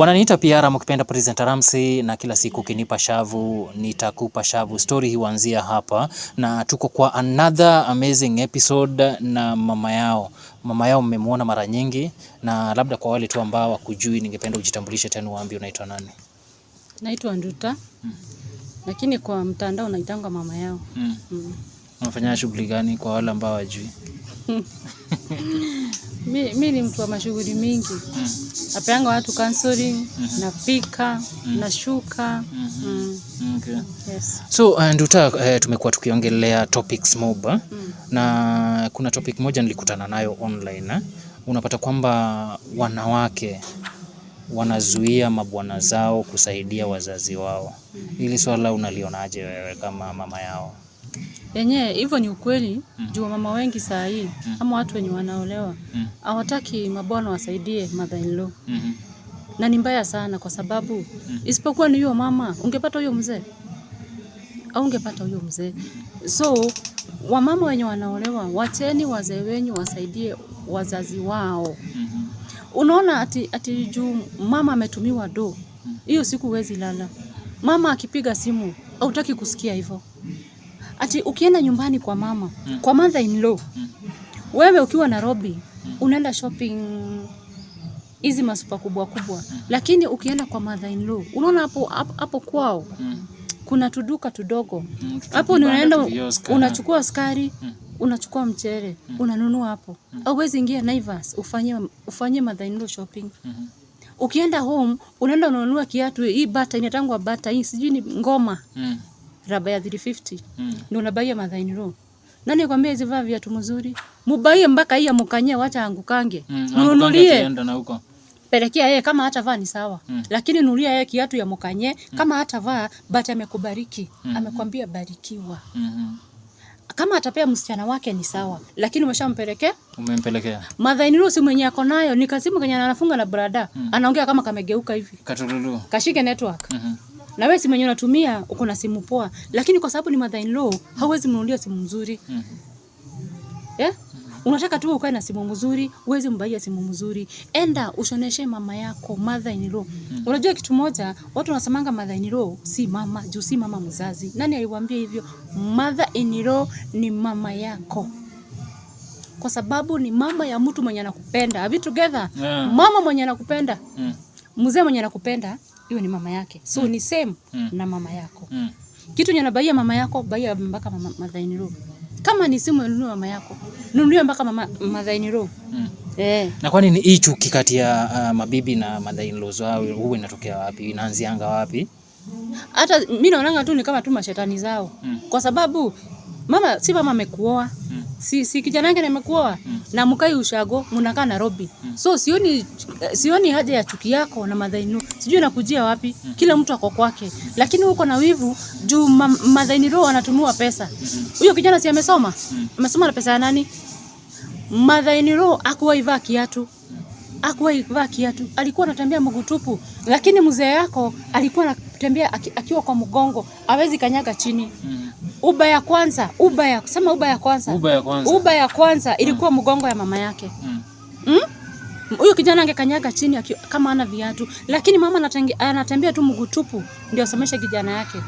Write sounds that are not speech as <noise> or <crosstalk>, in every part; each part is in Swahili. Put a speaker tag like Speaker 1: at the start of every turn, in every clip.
Speaker 1: Wananiita PR ama ukipenda presenter Ramsey, na kila siku ukinipa shavu nitakupa shavu. Story huanzia hapa, na tuko kwa another amazing episode na mama yao. Mama yao mmemwona mara nyingi, na labda kwa wale tu ambao wakujui, ningependa ujitambulishe tena, uambie unaitwa nani? Naitwa Nduta, Mm. Lakini kwa mtandao naitanga mama yao. Mm.
Speaker 2: Mm. Unafanya shughuli gani kwa wale ambao wajui? <laughs>
Speaker 1: mi, mi ni mtu wa mashughuli mingi mm. Napeanga watu counseling mm -hmm. napika mm. nashuka mm -hmm.
Speaker 2: mm. Okay. Yes. So uh, Nduta, uh, tumekuwa tukiongelea topics moba mm. na kuna topic moja nilikutana nayo online eh? Unapata kwamba wanawake wanazuia mabwana zao kusaidia wazazi wao. Mm. ili swala unalionaje wewe kama mama yao?
Speaker 1: yenye hivyo ni ukweli mm. Juu mama wengi saa hii mm. ama watu wenye wanaolewa mm. hawataki mm. mabwana wasaidie mother in law mm -hmm. na ni mbaya sana kwa sababu mm. isipokuwa ni huyo mama, ungepata huyo mzee au ungepata huyo mzee. Mm. So wamama wenye wanaolewa, wacheni wazee wenyu wasaidie wazazi wao mm -hmm. Unaona ati, ati juu mama ametumiwa do mm. hiyo siku huwezi lala. Mama akipiga simu hautaki kusikia hivyo ati ukienda nyumbani kwa mama mm. kwa mother in law mm. wewe ukiwa Nairobi mm. unaenda shopping hizi masupa kubwa kubwa mm. lakini ukienda kwa mother in law unaona hapo hapo kwao mm. kuna tuduka tudogo hmm, hapo mm. unaenda unachukua sukari mm. unachukua mchele mm. unanunua hapo mm. auwezi ingia Naivas ufanye ufanye mother in law shopping mm -hmm. Ukienda home unaenda unanunua kiatu, hii bata inatangwa bata hii sijui ni ngoma mm raba ya 350 mm. ndio unabaia madhaini ro nani kwambia hizo vaa viatu mzuri mubaie mpaka hiya mukanye wacha angukange
Speaker 2: mm. nunulie
Speaker 1: pelekea yeye kama hata vaa ni sawa mm. lakini nulia yeye kiatu ya mukanye mm. kama hata vaa bati amekubariki mm -hmm. amekwambia barikiwa mm -hmm kama atapea msichana wake ni sawa, lakini umeshampelekea,
Speaker 2: umempelekea
Speaker 1: madhaini rusi mwenye ako nayo ni kasimu kenye anafunga na brada mm. anaongea kama kamegeuka hivi katululu kashike network mm -hmm na wewe simu yenyewe unatumia, uko na simu poa, lakini kwa sababu ni mother in law hauwezi mnunulia simu nzuri mm -hmm. yeah? Unataka tu ukae na simu mzuri, uweze mbaia simu mzuri, enda ushoneshe mama yako mother in law. Mm. Unajua kitu moja, watu wanasemanga mother in law si mama, juu si mama mzazi. Nani aliwaambia hivyo? Mother in law ni mama yako, kwa sababu ni mama ya mtu mwenye anakupenda. Are we together? Yeah. Mama mwenye anakupenda mm mzee mwenye anakupenda hiyo ni mama yake, so mm. ni same mm. na mama yako mm. kitu nyana baia mama yako baia mpaka madhaini room. Kama ni simu nunua mama yako nunua mpaka mama madhaini room mm.
Speaker 2: Eh. Na kwani ni hii chuki kati ya uh, mabibi na madhaini in zao wao huwa inatokea wapi? Inaanzianga wapi?
Speaker 1: Hata mimi naonanga tu ni kama tu mashetani zao mm. kwa sababu mama si mama amekuoa mm si, si kijana yake nimekuoa na mkai ushago mnaka Nairobi mm. so sioni sioni haja ya chuki yako na madhainu sijui nakujia wapi kila mtu ako kwake lakini uko na wivu juu ma, madhaini roho anatumua pesa huyo kijana si amesoma amesoma na pesa ya nani Madhainu roho akuwaivaa kiatu akuwahi kuvaa kiatu, alikuwa anatembea mguu tupu, lakini mzee yako alikuwa anatembea akiwa kwa mgongo, hawezi kanyaga chini mm. Uba ya kwanza, uba ya sema, uba ya kwanza, uba ya kwanza, uba ya kwanza hmm. ilikuwa mgongo ya mama yake hmm. mm. Huyu kijana angekanyaga chini kama ana viatu, lakini mama anatembea tu mguu tupu, ndio asomeshe kijana yake.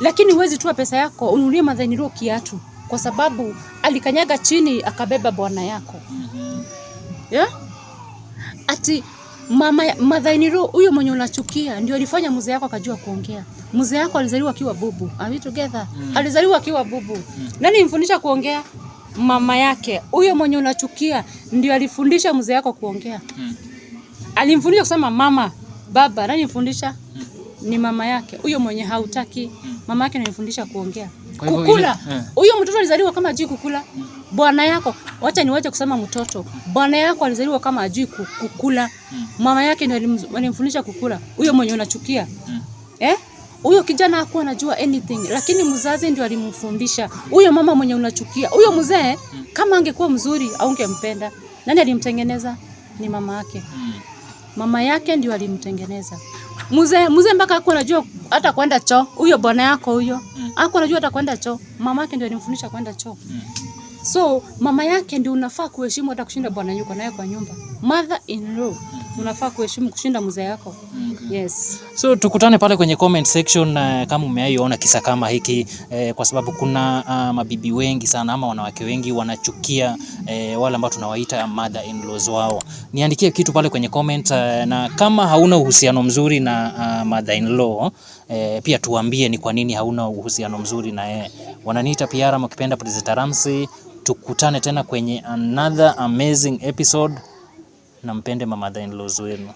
Speaker 1: Lakini huwezi toa pesa yako ununulie madhaniro kiatu, kwa sababu alikanyaga chini akabeba bwana yako mm -hmm. yeah? Ati mama madhaniro huyo mwenye unachukia ndio alifanya mzee yako akajua kuongea mzee yako alizaliwa akiwa bubu. Are we together? Mm. Alizaliwa akiwa bubu. Mm. Nani mfundisha kuongea? Mama yake. Huyo mwenye unachukia ndio alifundisha mzee yako kuongea. Mm. Alimfundisha kusema mama, baba. Nani mfundisha? Mm. Ni mama yake. Huyo mwenye hautaki, mm. mama yake anifundisha kuongea. Kukula. Eh. Huyo mtoto alizaliwa kama ajui kukula. Mm. Bwana yako, wacha niwache kusema mtoto. Bwana yako alizaliwa kama ajui kukula. Mm. Mama yake ndio alimfundisha kukula. Huyo mwenye unachukia. Mm. Eh? Huyo kijana hakuwa anajua anything, lakini mzazi ndio alimfundisha. Huyo mama mwenye unachukia, huyo mzee kama angekuwa mzuri au ungempenda. Nani alimtengeneza? Ni mama yake. Mama yake ndio alimtengeneza. Mzee mzee mpaka hakuwa anajua hata kwenda choo. Huyo bwana yako huyo. Hakuwa anajua hata kwenda choo. Mama yake ndio alimfundisha kwenda choo. So mama yake ndio unafaa kuheshimu hata kushinda bwana yuko naye kwa nyumba. Mother in law unafaa kuheshimu kushinda mzee yako. Okay.
Speaker 2: Yes. So tukutane pale kwenye comment section uh, kama umeaiona kisa kama hiki eh, kwa sababu kuna uh, mabibi wengi sana ama wanawake wengi wanachukia eh, wale ambao tunawaita mother in laws wao. Niandikie kitu pale kwenye comment uh, na kama hauna uhusiano mzuri na uh, mother in law eh, pia tuambie ni kwa nini hauna uhusiano mzuri na yeye. Wananiita ama ukipenda President Ramsey. Tukutane tena kwenye another amazing episode na mpende mama in-laws wenu.